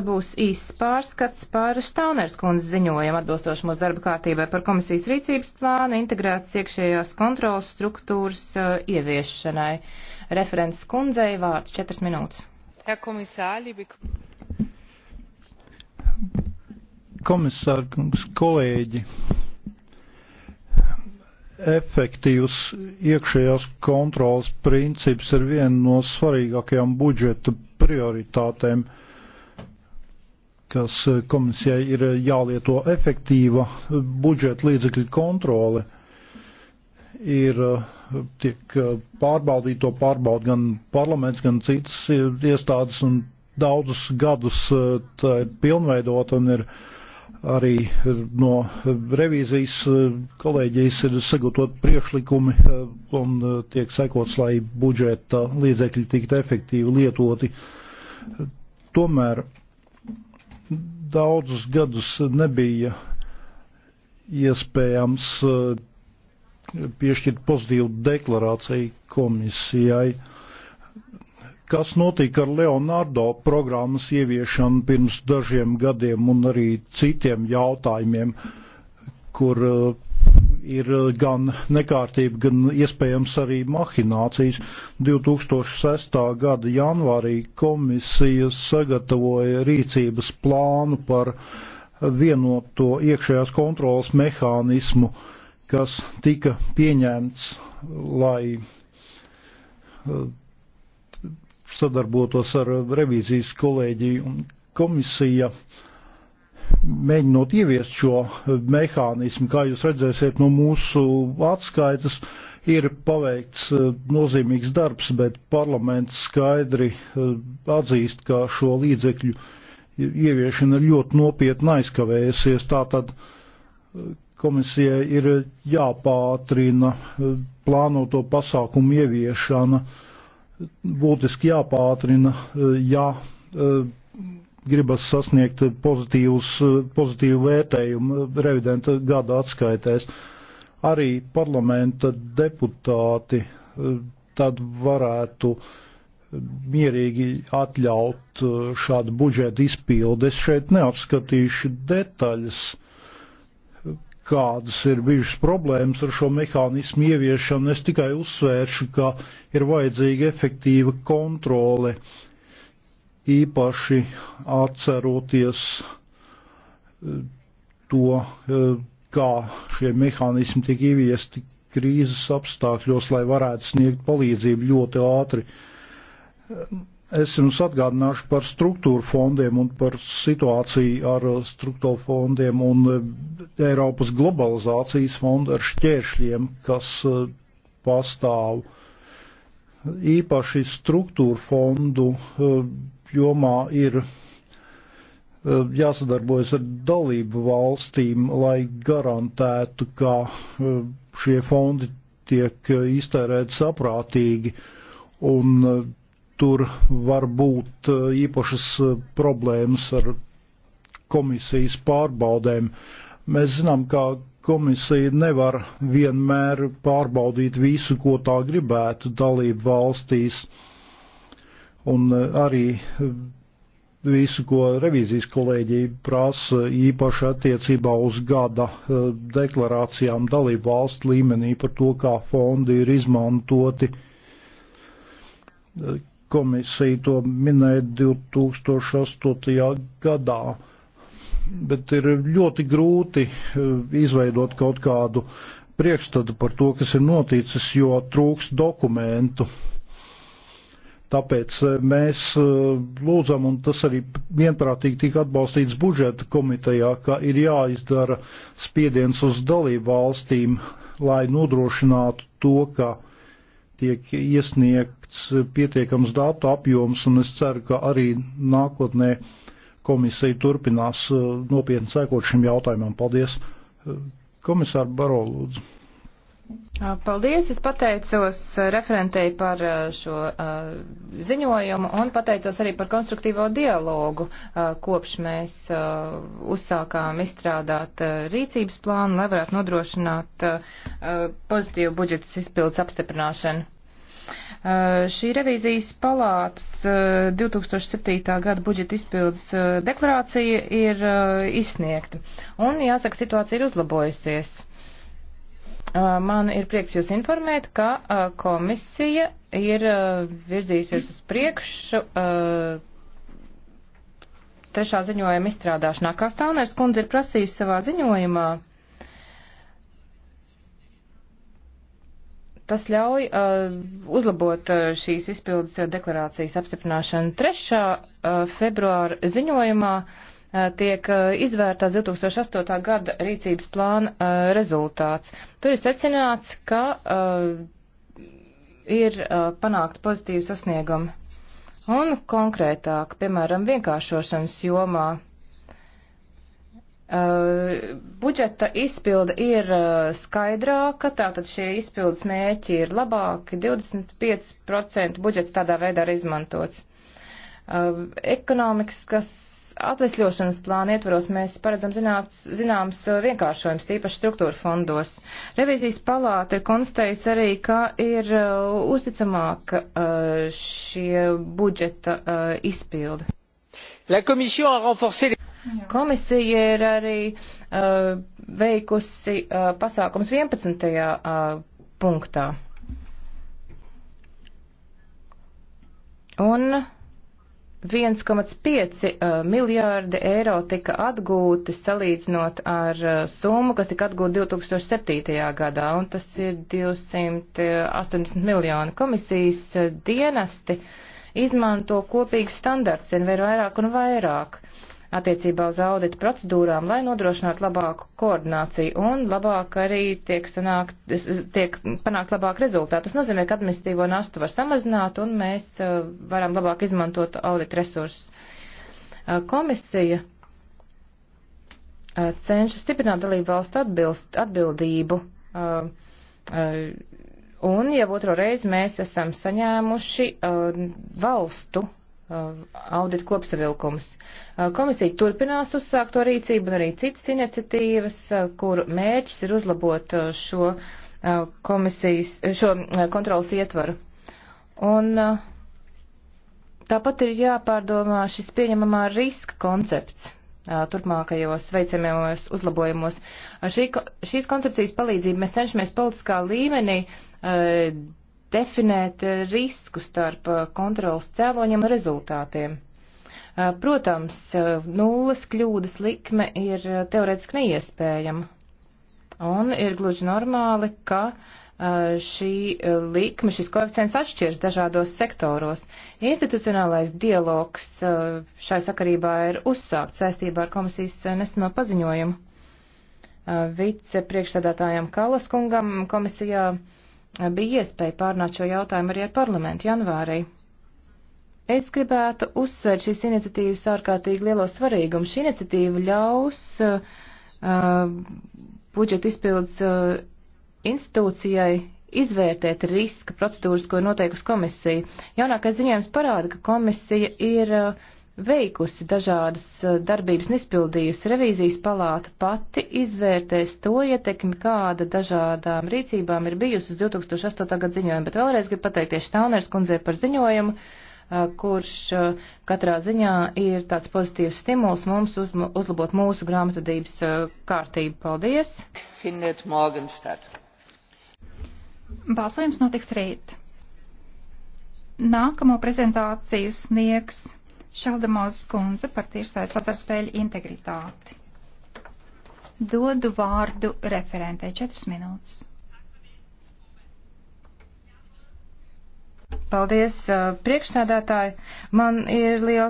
būs īsts pārskats par Štauners kundzes ziņojumu atbilstoši mūsu darba kārtībai par komisijas rīcības plānu integrētas iekšējās kontrolas struktūras uh, ieviešanai. Referents kundzei vārds 4 minūtes. Komisārkungs, kolēģi, efektīvs iekšējās kontrolas princips ir viena no svarīgākajām budžeta prioritātēm. Uh, kas eh, komisijai ir eh, jālieto efektīva eh, budžeta līdzekļu kontrole, ir tiek pārbaudīto pārbaud gan parlaments, gan citas iestādes un daudzus gadus tā ir pilnveidot un ir arī no revīzijas kolēģijas ir sagatavot priekšlikumi un tiek sekots, lai budžeta līdzekļi tiktu efektīvi lietoti. Tomēr daudzus gadus nebija iespējams eh, piešķirt pozitīvu deklarāciju komisijai. Kas notika ar Leonardo programmas ieviešanu pirms dažiem gadiem un arī citiem jautājumiem, kur eh, ir eh, gan nekārtība, gan iespējams arī mahinācijas. 2006. gada janvārī komisija sagatavoja rīcības plānu par vienoto iekšējās kontrolas mehānismu, kas tika pieņemts, lai eh, sadarbotos ar revīzijas kolēģiju un komisija. Uh, mēģinot ieviest šo eh, mehānismu, kā jūs redzēsiet no mūsu atskaitas, ir paveikts eh, nozīmīgs darbs, bet parlaments skaidri eh, atzīst, ka šo līdzekļu ieviešana ļoti nopietni aizkavējusies. Tātad komisijai ir jāpātrina plānoto pasākumu ieviešana, būtiski jāpātrina, ja gribas sasniegt pozitīvus, pozitīvu vērtējumu revidenta gada atskaitēs. Arī parlamenta deputāti tad varētu mierīgi atļaut šādu budžetu izpildi. Es šeit neapskatīšu detaļas, kādas ir bijušas problēmas ar šo mehānismu ieviešanu. Es tikai uzsvēršu, ka ir vajadzīga efektīva kontrole īpaši atceroties eh, to, eh, kā šie mehānismi tika ieviesti krīzes apstākļos, lai varētu sniegt palīdzību ļoti ātri. Es jums atgādināšu par struktūru fondiem un par situāciju ar struktūru fondiem un eh, Eiropas globalizācijas fondu ar šķēršļiem, kas pastāv. Īpaši struktūru fondu jomā ir e, jāsadarbojas ar dalību valstīm, lai garantētu, ka e, šie fondi tiek iztērēti saprātīgi, un e, tur var būt īpašas problēmas ar komisijas pārbaudēm. Mēs zinām, ka komisija nevar vienmēr pārbaudīt visu, ko tā gribētu dalību valstīs. Uh, un eh, arī eh, visu, ko revīzijas kolēģija prasa īpaši attiecībā uz gada eh, deklarācijām dalību valstu līmenī par to, kā fondi ir izmantoti. Komisija to minēja 2008. gadā, bet ir ļoti grūti izveidot kaut kādu priekšstatu par to, kas ir noticis, jo trūks dokumentu. Tāpēc eh, mēs eh, lūdzam, un tas arī vienprātīgi tika atbalstīts budžeta komitejā, ka ir jāizdara spiediens uz dalību valstīm, lai nodrošinātu to, ka tiek iesniegts pietiekams datu apjoms, un es ceru, ka arī nākotnē komisija turpinās eh, nopietni sekot šim jautājumam. Paldies! Komisāri Baro, lūdzu. Uh, paldies! Es pateicos uh, referentei par uh, šo ziņojumu un pateicos arī par konstruktīvo dialogu, kopš mēs uzsākām izstrādāt rīcības plānu, lai varētu nodrošināt pozitīvu budžetas izpildes apstiprināšanu. Šī revīzijas palātas 2007. gada budžeta izpildes deklarācija ir izsniegta. Un jāsaka, situācija ir uzlabojusies Uh, man ir prieks jūs informēt, ka uh, komisija ir uh, virzījusies uz priekšu trešā ziņojuma izstrādāšanā. Kā Stauners kundze ir prasījusi savā ziņojumā, tas ļauj uzlabot šīs izpildes deklarācijas apstiprināšanu. 3. februāra ziņojumā Eh, tiek eh, izvērtās 2008. gada rīcības plāna eh, rezultāts. Tur ir secināts, ka ir panākt pozitīvi sasniegumi. Un konkrētāk, piemēram, vienkāršošanas jomā Uh, budžeta izpilde ir uh, skaidrāka, tātad šie izpildes mērķi ir labāki, 25% budžets tādā veidā ir izmantots. Uh, ekonomikas, kas atvesļošanas plāna ietvaros mēs paredzam zināts, zināms uh, vienkāršojums, tīpaši struktūra fondos. Revizijas palāta ir konstatējusi arī, ka ir uh, uzticamāk uh, šie budžeta uh, izpildi. Renforcé... Komisija ir arī uh, veikusi uh, pasākums 11. Uh, punktā. Un 1,5 uh, miljārdi eiro tika atgūti salīdzinot ar uh, summu, kas tika atgūta 2007. gadā, un tas ir 280 uh, miljoni. Komisijas dienesti izmanto kopīgus standarts, vien vairāk un vairāk attiecībā uz auditu procedūrām, lai nodrošinātu labāku koordināciju un labāk arī tiek, sanākt, tiek panākt labāk rezultāti. Tas nozīmē, ka administratīvo nastu var samazināt un mēs uh, varam labāk izmantot auditu resursus. Uh, komisija uh, cenšas stiprināt dalību valstu atbilst, atbildību. Un jau otro reizi mēs esam saņēmuši uh, valstu Uh, audita kopsavilkums. Uh, komisija turpinās uzsākt to rīcību un arī citas iniciatīvas, uh, kuru mērķis ir uzlabot šo komisijas, šo kontrolas ietvaru. Un tāpat ir jāpārdomā šis pieņemamā riska koncepts turpmākajos veicamajos uzlabojumos. Šī, šīs koncepcijas palīdzību mēs cenšamies politiskā līmenī definēt eh, risku starp eh, kontrolas cēloņiem un rezultātiem. Eh, protams, nulles kļūdas likme ir teoretiski neiespējama. Un ir gluži normāli, ka šī likme, šis koeficients atšķiras dažādos sektoros. Institucionālais dialogs šai sakarībā ir uzsākts saistībā ar komisijas neseno paziņojumu. Vice priekšsēdētājam Kalaskungam komisijā uh, bija iespēja pārnāt šo jautājumu arī ar parlamentu janvārī. Es gribētu uzsvērt šīs iniciatīvas ārkārtīgi lielo svarīgumu. Šī iniciatīva ļaus uh, budžeta izpildes uh, institūcijai izvērtēt riska procedūras, ko ir noteikusi komisija. Jaunākais ziņojums parāda, ka komisija ir uh, veikusi dažādas eh, darbības un izpildījusi revīzijas palāta pati izvērtēs to ietekmi, kāda dažādām rīcībām ir bijusi uz 2008. gadu ziņojumu. Bet vēlreiz gribu pateikties Štauners kundzei par ziņojumu, eh, kurš eh, katrā ziņā ir tāds pozitīvs stimuls mums uz, uzlabot mūsu grāmatvedības kārtību. Paldies! Findet Morgenstad. Balsojums notiks rīt. Nākamo prezentāciju sniegs Šaldamos skundze par tiešsaites azarspēļu integritāti. Dodu vārdu referentē 4 minūtes. Paldies, priekšsēdētāji. Man ir liels.